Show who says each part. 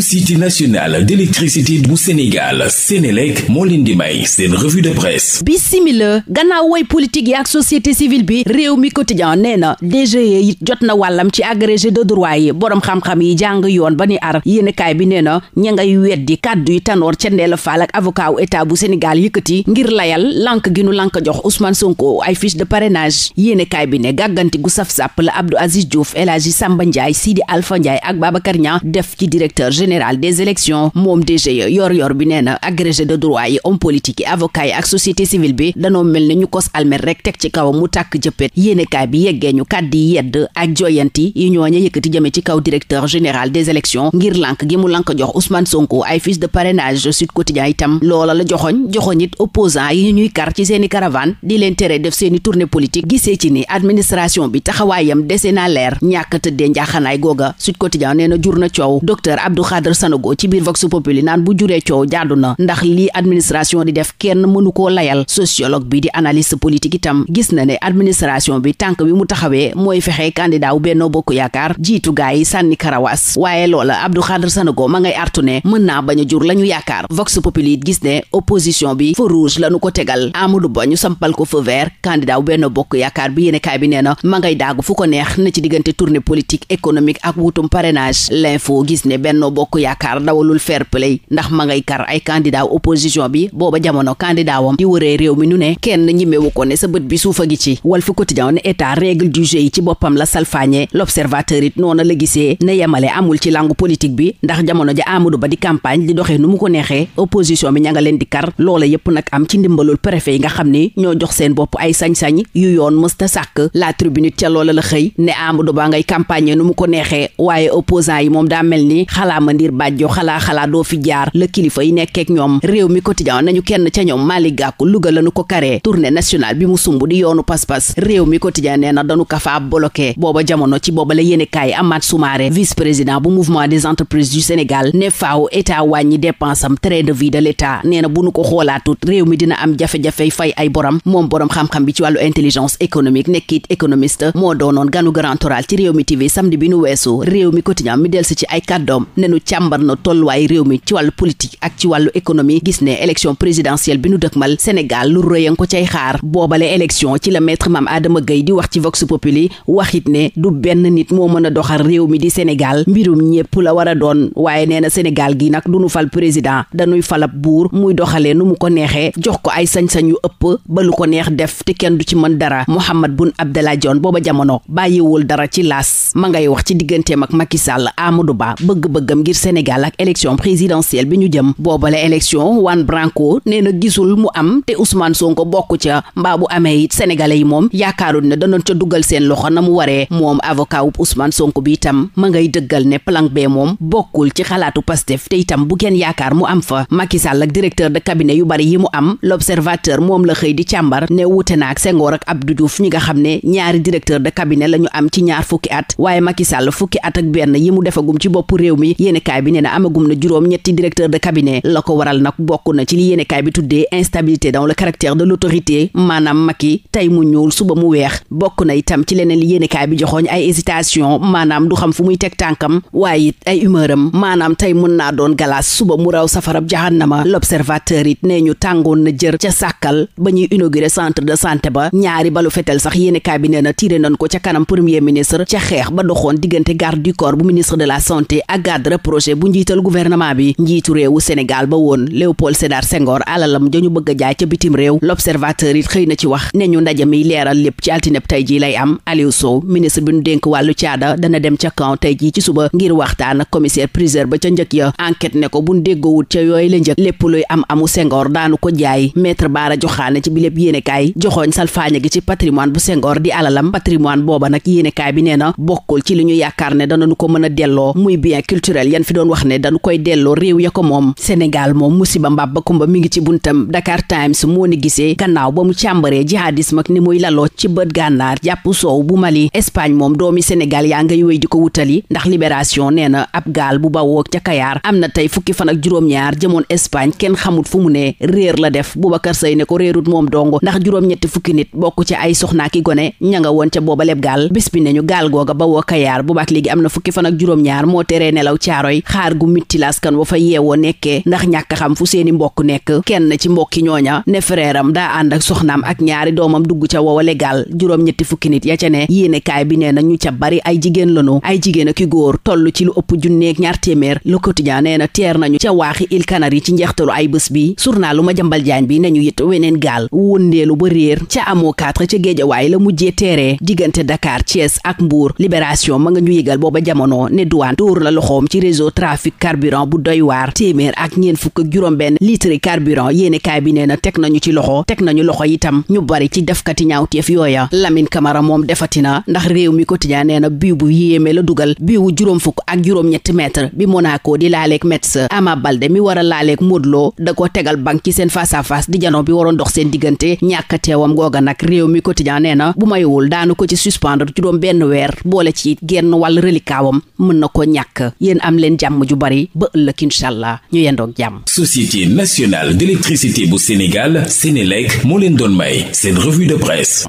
Speaker 1: société nationale d'électricité bu Sénégal Sénélec moo leen di may seen revue de presse bisimila gannaaw woy politique yi ak société bi réew mi quotidien nee na DGE yi jot na wàllam ci agrégé de droit yi boroom xam-xam yi jàng yoon ba ni ar yéenekaay bi nee na ña ngay weddi kàddu yi tanoor ca Ndeela Fall ak avocat wu état bu Sénégal yëkkati ngir layal lank gi nu lank jox Ousmane Sonko ay fiche de parrainage yéenekaay bi ne gàgganti gu saf-sàpp la Abdou Aziz Diouf générale des élections moom DGE yor yor bi nee na agrégé de droit yi homme politique yi avocat yi ak société civile bi danoo mel ne ñu kos almet rek teg ci kaw mu tàkk jëppét yéenekaay bi yeggee ñu kàddi yedd ak joyanti yi ñooña yëkkati jëme ci kaw directeur général des élections ngir lànk gi mu lànk jox Ousmane Sonko ay fiche de parrainage Sud Quotidien itam loola la joxoñ joxoñ it opposant yi ñuy kar ci seeni caravane di leen tere def seeni tournée politique gisee ci ni administration bi taxawaayam dese naa leer ñàkk tëddee njaaxanaay googa Sud Quotidien jur na coow Khadre Sanogo ci biir Vox Populi naan bu juree coow jaadu na ndax lii administration di def kenn mënu koo layal sociologue bi di analyste politique itam gis na ne administration bi tànk bi mu taxawee mooy fexe candidat wu Benno Bokk Yaakaar jiitu gaa yi sànni karawaas waaye loola Abdou Khadre Sanogo ma ngay artu ne mën naa bañ a jur la ñu yaakaar Vox Populi it gis ne opposition bi feu rouge la ñu ko tegal Amadou Ba ñu sampal ko feu vert candidat wu Benno Bokk Yaakaar bi yéene kaay bi nee na ma ngay daagu fu ko neex na ci diggante tournée politique économique ak wutum parrainage l'info gis ne Benno bokk yaakaar dawalul fair play ndax ma ngay kar ay candidat opposition bi booba jamono candidat wam di wëree réew mi nu ne kenn ñimewu ko ne sa bët bi suufa gi ci Walf Quotidien ne état règle du jeu yi ci boppam la salfaañe l'observateur it noona la gisee ne yemale amul ci langue politique bi ndax jamono ja Amadou di campagne di doxee nu mu ko neexee opposition yi moom daa mel ni xalaam Mamandir Bàjjo xalaa xalaa doo fi jaar la kilifa yi nekkeek ñoom réew mi quotidien nañu kenn ca ñoom Malick Gakou Louga lañu ko karee tournée nationale bi mu sumb di yoonu pas-pas réew mi quotidien nee na dañu kafaa bloqué booba jamono ci booba la yéene kaay Amath Soumaré vice président bu mouvement des entreprises du Sénégal ne faaw état wàññi dépense am train de vie de l'état nee na bu nu ko xoolaatut réew mi dina am jafe fay ay borom moom borom xam-xam bi ci wàllu intelligence économique nekkit économiste moo doonoon ganu grand oral ci réew mi TV samedi bi nu weesu réew mi quotidien mi delsi ci ay kàddoom nenu wàllu càmbar na tolluwaay réew mi ci wàllu politique ak ci wàllu économie gis ne élection présidentielle bi nu dëkmal Sénégal lu rëyan ko cay xaar boobale élection ci la maître Mame Adama Gueye di wax ci Vox Populi waxit ne du benn nit moo mën a doxal réew mi di Sénégal mbirum ñépp la war a doon waaye nee na Sénégal gi nag du nu fal président dañuy falab buur muy doxalee nu mu ko neexee jox ko ay sañ-sañ yu ëpp ba lu ko neex def te kenn du ci mën dara Mahammed Boun Abdallah Dionne booba jamono bàyyiwul dara ci laas ma ngay ci digganteem ak Macky Sall ngir Sénégal ak élection présidentielle bi ñu jëm boobale élection Juan Branco nee na gisul mu am te Ousmane Sonko bokk ca mbaa bu amee it yi moom yaakaarul ne danoon ca dugal seen loxo na mu waree moom avocat wu Ousmane Sonko bi itam ma ngay dëggal ne plan B moom bokkul ci xalaatu Pastef te itam bu kenn yaakaar mu am fa Macky Sall ak directeur de cabinet yu bari yi mu am l'observateur moom la xëy di càmbar ne wute na ak sengoor ak Abdou Diouf ñi nga xam ne ñaari directeur de cabinet la ñu am ci ñaar fukki at waaye Macky Sall fukki at ak benn yi mu defagum ci bopp réew mi yéenekaay bi nee na amagum na juróom ñetti directeur de cabinet la ko waral nag bokk na ci li yéenekaay bi tuddee instabilité dans le caractère de l'autorité maanaam Macky tey mu ñuul suba mu weex bokk na itam ci leneen li yéenekaay bi joxooñ ay hésitation maanaam du xam fu muy teg tànkam waaye it ay humeur am maanaam tey mun naa doon galaas suba mu raw safarab jahannama l'observateur it nee ñu tàngoon na jër ca sàkkal ba ñuy inauguré centre de santé ba ñaari balu fetel sax yéenekaay bi nee na tiré nañ ko ca kanam premier ministre ca xeex ba doxoon diggante garde du corps bu projet bu njiital gouvernement bi njiitu réew Sénégal ba woon Léopold Sédar Senghor alalam dañu bëgg a jaay ca bitim réew l'observateur it xëy na ci wax ne ñu ndaje mi leeral lépp ci altineb tey ji lay am Aliou Sow ministre bi ñu dénk wàllu caada dana dem ca camp tey jii ci suba ngir waxtaan ak commissaire priseur ba ca njëkk ya enquête ne ko buñ déggoowut ca yooyu la njëkk lépp luy am amu sengoor daanu ko jaay maître Baara Joxaane ci bi lépp yéenekaay joxooñ salfaaña gi ci patrimoine bu Senghor di alalam patrimoine booba nag yéenekaay bi nee na bokkul ci li ñu yaakaar ne danañu ko mën a delloo muy bien yan fi doon wax ne dañu koy delloo réew ya ko moom Sénégal moom musiba mbaab ba kumba mi ngi ci buntam Dakar Times moo ni gisee gannaaw ba mu càmbaree jihadisme ak ni muy laloo ci bët gànnaar jàpp soow bu Mali Espagne moom doomi Sénégal yaa ngay wéy di ko wutali ndax libération nee na ab gaal bu ba bawoo ca Kayaar am na tey fukki fan ak juróom-ñaar jëmoon Espagne kenn xamut fu mu ne réer la def bu Boubacar Seye ne ko réerut moom dong ndax juróom-ñetti fukki nit bokk ci ay na fukki fan ak juróom-ñaar moo teree nelaw ca caaroy xaar gu mitti laskan wa fa yeewoo nekkee ndax ñàkk xam fu seeni mbokk nekk kenn ci mbokki ñooña ne frèram daa ànd ak soxnaam ak ñaari doomam dugg ca woowa gaal juróom-ñetti fukki nit ya ca ne yéene kaay bi nee na ñu ca bari ay jigéen lanu ay jigéen ak i góor toll ci lu ëpp junneeg ñaar téeméer le quotidien nee na teer nañu ca waaxi il yi ci njeextalu ay bés bi journal lu ma jambal jaañ bi nañu it weneen gaal wundeelu ba réer ca amoo quatre ca géejawaay la mujjee teeree diggante Dakar Thiès ak Mbour libération ma nga réseau trafic carburant bu doy waar téeméer ak ñeen fukk ak juróom-benn litre carburant yéene kaay bi nee na teg nañu ci loxo teg nañu loxo itam ñu bari ci defkati ñaawteef yooya Lamine Camara moom defatina ndax réew mi quotidien nee na bii bu yéeme la dugal bii wu juróom fukk ak juróom-ñetti mètre bi Monaco di laaleeg Metz Ama Balde mi war a laaleeg Modou Lo da ko tegal bank ci seen face à face di janoo bi waroon dox seen diggante ñàkk teewam googa nag réew mi ko nee na bu maywul daanu ko ci suspendre juróom benn weer boole ci genn wàll relikaawam mën na ko ñàkk yéen am am leen jàmm ju bari ba ëllëg incha allah ñu yendoog jàmm. Société nationale d'électricité bu Sénégal Sénélec moo leen doon may seen revue de presse.